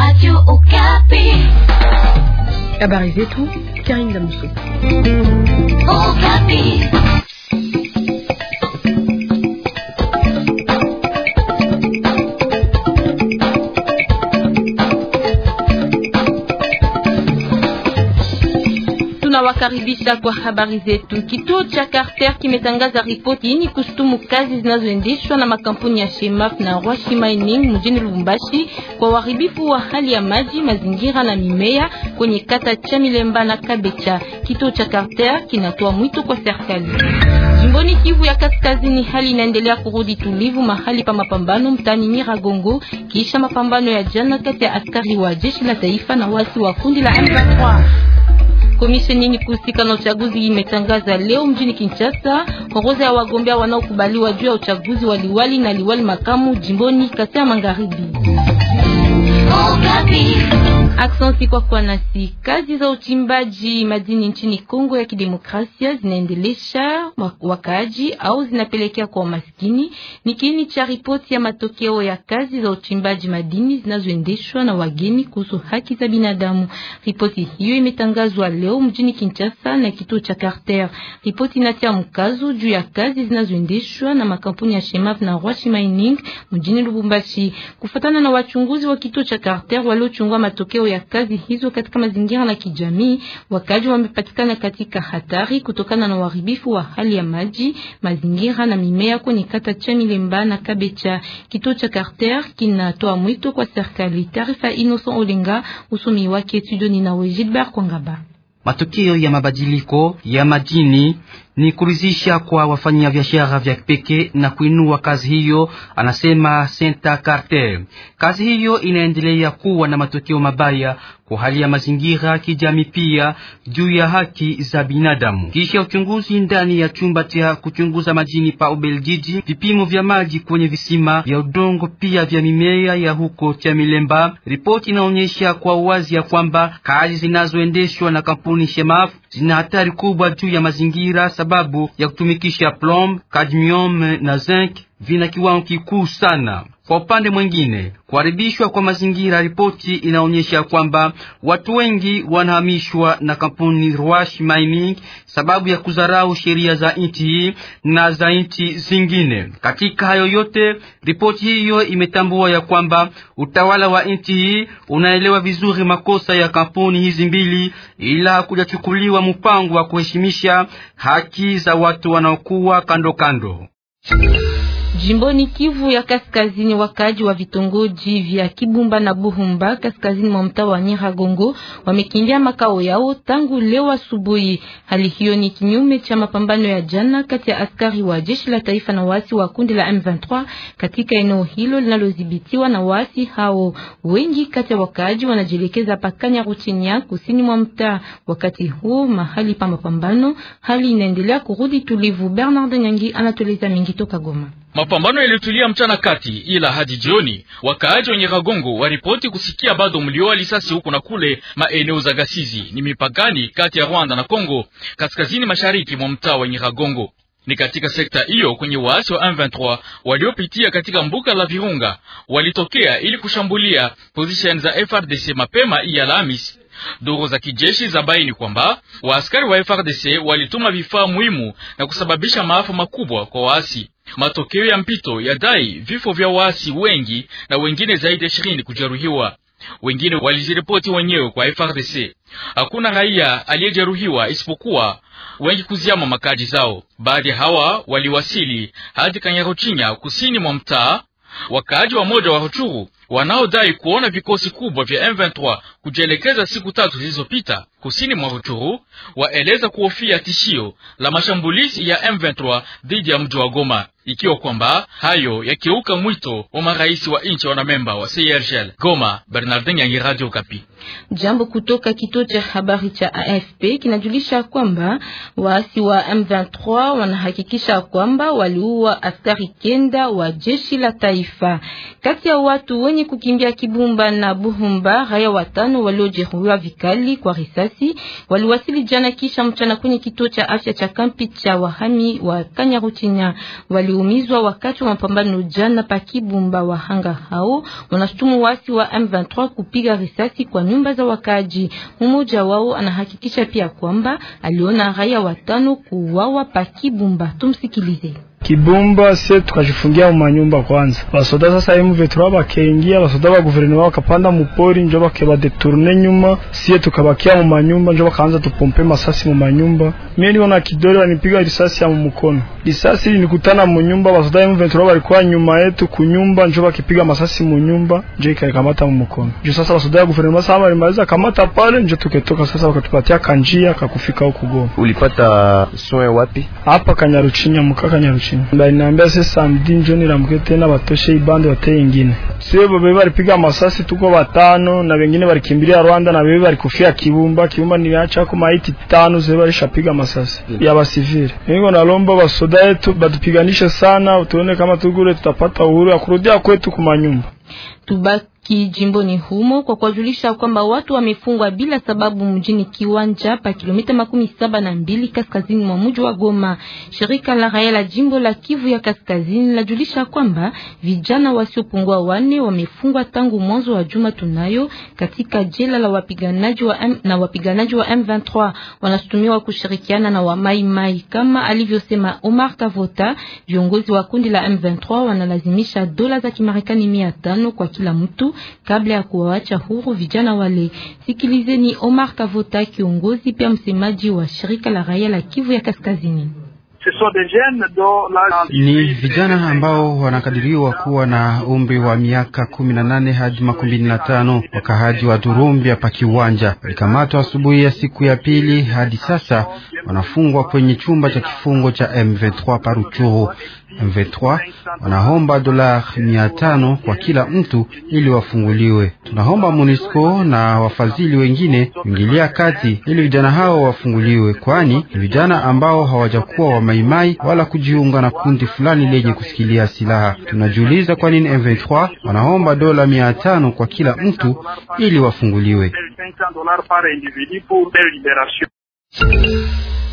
Radio Okapi. Habari zetu Karine Damousseau. Okapi. Nawakaribisha kwa habari zetu. Kituo cha Carter kimetangaza ripoti yenye kustumu kazi zinazoendeshwa na makampuni ya Shemaf na Rwashi Mining mjini Lubumbashi kwa uharibifu wa hali ya maji, mazingira na mimea kwenye kata cha Milemba na Kabecha. Kituo cha Carter kinatoa mwito kwa serikali. Jimboni Kivu ya Kaskazini, hali inaendelea kurudi tulivu mahali pa mapambano mtaani Nyiragongo kisha mapambano ya jana kati ya askari wa jeshi la taifa na wasi wa kundi la M23. Komisheni yenye kuhusika na uchaguzi imetangaza leo mjini Kinshasa orodha ya wagombea wanaokubaliwa juu ya uchaguzi wa liwali na liwali makamu jimboni Kasai Magharibi. Oh, Aksansi kwa kwa nasi. Kazi za uchimbaji madini nchini Kongo ya Kidemokrasia zinaendelesha wakaaji au zinapelekea kwa maskini. Ni kiini cha ripoti ya matokeo ya kazi za uchimbaji madini zinazoendeshwa na wageni kuhusu haki za binadamu. Ripoti hiyo imetangazwa leo mjini Kinshasa na kituo cha Carter. Ripoti inatia mkazo juu ya kazi zinazoendeshwa na makampuni ya Shemaf na Rwashi Mining mjini Lubumbashi. Kufuatana na wachunguzi wa kituo cha Carter waliochungua matokeo matokeo ya kazi hizo katika mazingira na kijamii, wakaji wamepatikana katika hatari kutokana na uharibifu wa hali ya maji, mazingira na mimea kwenye kata cha milemba na Kabecha. Kituo cha Carter kinatoa mwito kwa serikali. Taarifa Innocent Olenga, usomi wake studio na Kwangaba. Matokeo ya mabadiliko ya majini ni kurizisha kwa wafanya wafanyabiashara vya kipeke na kuinua kazi hiyo, anasema Senta Carte. Kazi hiyo inaendelea kuwa na matokeo mabaya kwa hali ya mazingira, kijamii, pia juu ya haki za binadamu. Kisha uchunguzi ndani ya chumba cha kuchunguza majini pa Ubeljiji, vipimo vya maji kwenye visima vya udongo pia vya mimea ya huko cha Milemba, ripoti inaonyesha kwa uwazi ya kwamba kazi zinazoendeshwa na kampuni Shemaf zina hatari kubwa juu ya mazingira sababu ya kutumikisha plomb, cadmium na zinc vina kiwango kikuu sana. Kwa upande mwingine, kuharibishwa kwa mazingira, ripoti inaonyesha kwamba watu wengi wanahamishwa na kampuni Ruashi Mining sababu ya kudharau sheria za nchi hii na za nchi zingine. Katika hayo yote, ripoti hiyo imetambua ya kwamba utawala wa nchi hii unaelewa vizuri makosa ya kampuni hizi mbili, ila hakujachukuliwa mpango wa kuheshimisha haki za watu wanaokuwa kando kando. Jimboni Kivu ya Kaskazini, wakaji wa vitongoji vya Kibumba na Buhumba kaskazini mwa mtaa wa Nyiragongo wamekimbia makao yao tangu leo asubuhi. Hali hiyo ni kinyume cha mapambano ya jana kati ya askari wa jeshi la taifa na waasi wa kundi la M23 katika eneo hilo linalodhibitiwa na waasi hao. Wengi kati ya wakaji wanajielekeza pakanya Rutinya kusini mwa mtaa. Wakati huu mahali pa mapambano, hali inaendelea kurudi tulivu. Bernard Nyangi anatueleza mingi toka Goma. Mapambano yalitulia mchana kati, ila hadi jioni wakaaji wenye Kagongo waripoti kusikia bado mlio wa lisasi huku na kule maeneo za Gasizi ni mipakani kati ya Rwanda na Kongo, kaskazini mashariki mwa mtaa wa Nyiragongo. Ni katika sekta hiyo kwenye waasi wa M23 waliopitia katika mbuka la Virunga walitokea ili kushambulia position za FRDC mapema iya Alhamisi. Duru za kijeshi za baini kwamba waaskari wa FRDC walituma vifaa muhimu na kusababisha maafa makubwa kwa waasi. Matokeo ya mpito yadai vifo vya waasi wengi na wengine zaidi ya ishirini kujeruhiwa. Wengine walijiripoti wenyewe kwa FRDC. Hakuna raia aliyejeruhiwa isipokuwa wengi kuziama makaji zao. Baadhi hawa waliwasili hadi Kanyaruchinya kusini mwa mtaa. Wakaaji wa moja wa Ruchuru wanaodai kuona vikosi kubwa vya M23 kujielekeza siku tatu zilizopita kusini mwa Ruchuru waeleza kuhofia tishio la mashambulizi ya M23 dhidi ya mji wa Goma, ikiwa kwamba hayo yakiuka mwito wa marais wa nchi wanamemba wa CIRGL. Goma, Bernardin Yangi, Radio Kapi. Jambo kutoka kituo cha habari cha AFP kinajulisha kwamba waasi wa M23 wanahakikisha kwamba waliua askari kenda wa jeshi la taifa kati ya watu wenye wenye kukimbia Kibumba na Buhumba, raia watano waliojeruhiwa vikali kwa risasi waliwasili jana kisha mchana kwenye kituo cha afya cha kampi cha wahami wa Kanyaruchinya. Waliumizwa wakati wa mapambano jana pa Kibumba. Wahanga hao wanashutumu wasi wa M23 kupiga risasi kwa nyumba za wakaji. Mmoja wao anahakikisha pia kwamba aliona raia watano kuuawa pa Kibumba. Tumsikilize. Kibumba se tukajifungia mu manyumba kwanza. Basoda sasa M23 bakengia basoda ba guverinoma bakapanda wakapanda mupori njo bakabadetourne nyuma, sie tukabakia mu manyumba njo bakaanza tupompe masasi mu manyumba. Mimi niona kidole wanipiga risasi ya mu mkono, risasi nilikutana mu nyumba. Basoda M23 walikuwa nyuma yetu ku nyumba njo bakipiga masasi mu nyumba, njo ikaikamata mu mkono. Njo sasa basoda ya guverinoma sasa walimaliza kamata pale, njo tuketoka sasa, wakatupatia kanjia kakufika huko Goma. Ulipata soin wapi? Hapa Kanyaruchinya, mkaka Kanyaruchinya ingine, baliniambia se samedi njo nilamuke tena batoshe ibande wateye ingine. sebo bebe balipiga masasi tuko batano na wengine walikimbilia Rwanda na bebe balikufia Kibumba. Kibumba ni acha maiti tano sio amasasi masasi mm. ya basivile. Niko nalomba basoda yetu badupiganishe sana, utuone kama tugure tutapata uhuru ya kurudia kwetu kumanyumba. Tubaki haki jimboni humo kwa kuwajulisha kwamba watu wamefungwa bila sababu mjini Kiwanja pa kilomita makumi saba na mbili kaskazini mwa mji wa Goma. Shirika la raia la jimbo la Kivu ya kaskazini lajulisha kwamba vijana wasiopungua wane wamefungwa tangu mwanzo wa juma tunayo katika jela la wapiganaji wa M, na wapiganaji wa M23 wanashutumiwa kushirikiana na wa Mai Mai, kama alivyosema Omar Kavota. Viongozi wa kundi la M23 wanalazimisha dola za Kimarekani mia tano kwa kila mtu kabla ya kuwaacha huru vijana wale. Sikilizeni Omar Kavota, kiongozi pia msemaji wa shirika la raia la Kivu ya Kaskazini. Ni vijana ambao wanakadiriwa kuwa na umri wa miaka kumi na nane hadi makumi na tano. Wakahaji wa Durumbia pa kiwanja walikamatwa asubuhi ya siku ya pili, hadi sasa wanafungwa kwenye chumba cha kifungo cha M23 pa Ruchuru. MV3 wanaomba dola mia tano kwa kila mtu ili wafunguliwe. Tunaomba MONUSCO na wafadhili wengine kuingilia kati ili vijana hao wafunguliwe, kwani ni vijana ambao hawajakuwa wamaimai wala kujiunga na kundi fulani lenye kusikilia silaha. Tunajiuliza kwa nini MV3 wanaomba dola mia tano kwa kila mtu ili wafunguliwe.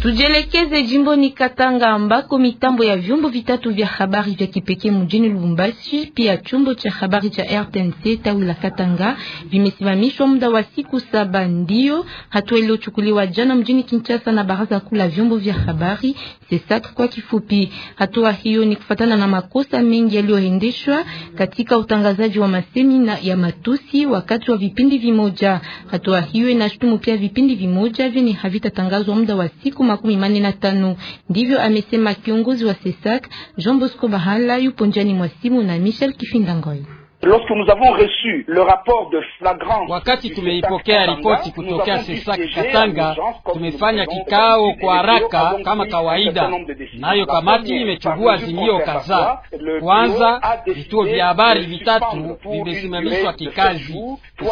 Tujielekeze jimboni Katanga ambako mitambo ya vyombo vitatu vya habari vya kipekee mjini Lubumbashi pia chombo cha habari cha RTNC tawi la Katanga vimesimamishwa muda wa siku saba. Ndio hatua iliyochukuliwa jana mjini Kinshasa na baraza kuu la vyombo vya habari CESAC kwa kifupi. Hatua hiyo ni kufatana na makosa mengi yaliyoendeshwa katika utangazaji wa masemi na ya matusi wakati wa vipindi vimoja. Hatua hiyo inashutumu pia vipindi vimoja vyenye havitatangazwa muda wa siku makumi manne na tano. Ndivyo amesema kiongozi wa SESAC Jean Bosco Bahala yupo njiani mwa simu na Michel Kifindangoi. Lorsque nous avons reçu le rapport de flagrance, wakati tumeipokea ripoti kutokea Sesaki Katanga, tumefanya kikao kwa haraka kama kawaida, nayo kamati imechukua azimio kadhaa. Kwanza, vituo vya habari vitatu vimesimamishwa kikazi,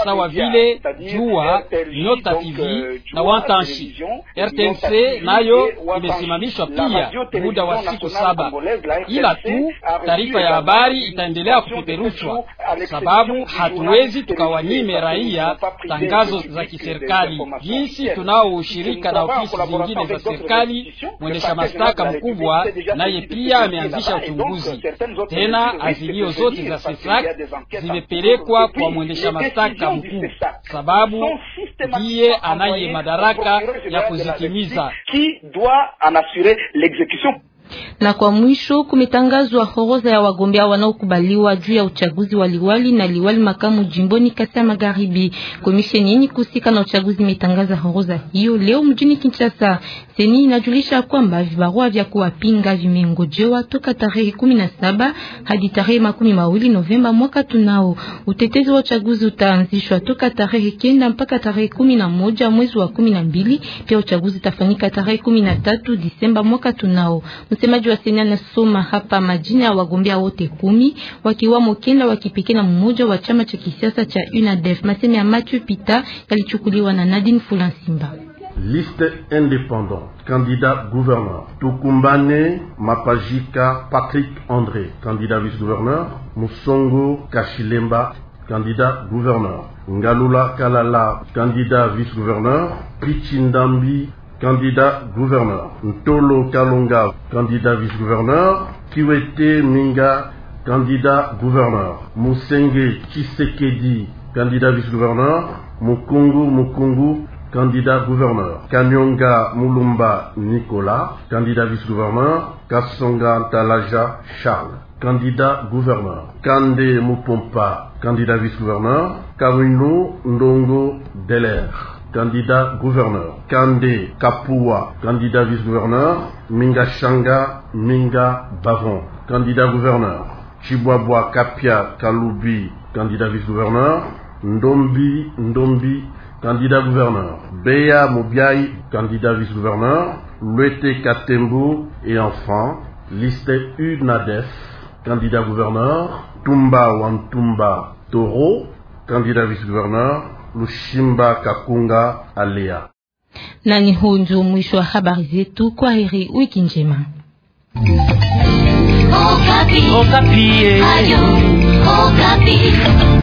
sawa vile Jua, Nyota TV euh, na Wantanshi. RTNC nayo imesimamishwa pia muda wa siku saba, ila tu taarifa ya habari itaendelea kupeperushwa sababu hatuwezi tukawanyime raia tangazo za kiserikali. Jinsi tunao ushirika na ofisi zingine za serikali, mwendesha mashtaka mkubwa naye pia ameanzisha uchunguzi tena. Azilio zote za Sesak zimepelekwa kwa mwendesha mashtaka mkuu, sababu ndiye anaye madaraka ya kuzitimiza. Na kwa mwisho kumetangazwa horoza ya wagombea wanaokubaliwa juu ya uchaguzi wa liwali na liwali makamu jimboni Kasai Magharibi. Komisheni yenye kuhusika na uchaguzi imetangaza horoza hiyo leo mjini Kinshasa. Seni inajulisha kwamba vibarua vya kuwapinga vimengojewa toka tarehe 17 hadi tarehe makumi mawili Novemba mwaka tunao. Utetezi wa uchaguzi utaanzishwa toka tarehe kenda mpaka tarehe kumi na moja mwezi wa kumi na mbili. Pia uchaguzi utafanyika tarehe kumi na tatu Disemba mwaka tunao. Msemaji wa Sena anasoma hapa majina ya wagombea wote kumi wakiwamo kenda wa kipekee na mmoja wa chama cha kisiasa cha UNADEF. Maseme ya Mathieu Pita yalichukuliwa na Nadine Fulan Simba. Liste indépendant candidat gouverneur Tukumbane Mapajika Patrick André candidat vice-gouverneur Musongo Kashilemba candidat gouverneur Ngalula Kalala candidat vice-gouverneur Pichindambi candidat gouverneur. Tolo Kalonga, candidat vice-gouverneur. Kiwete Minga, candidat gouverneur. Musenge Chisekedi, candidat vice-gouverneur. Mukungu Mukungu, candidat gouverneur. Kanyonga Mulumba Nicolas, candidat vice-gouverneur. Kasonga Talaja Charles, candidat gouverneur. Kande Mupompa, candidat vice-gouverneur. Kawino Ndongo Deler candidat gouverneur. Kande Kapua, candidat vice-gouverneur. Minga Shanga, Minga Bavon, candidat gouverneur. Chibwabwa Kapia Kalubi, candidat vice-gouverneur. Ndombi Ndombi, candidat gouverneur. Beya Mobiai, candidat vice-gouverneur. Luete Katembu et enfin, liste Unadef, candidat gouverneur. Tumba Wantumba Toro, candidat vice-gouverneur. Lushimba Kakunga Alea. Nani hundu mwisho wa habari zetu. Kwa heri, wiki njema. Okapi. Okapi. Eh. Ayo, Okapi.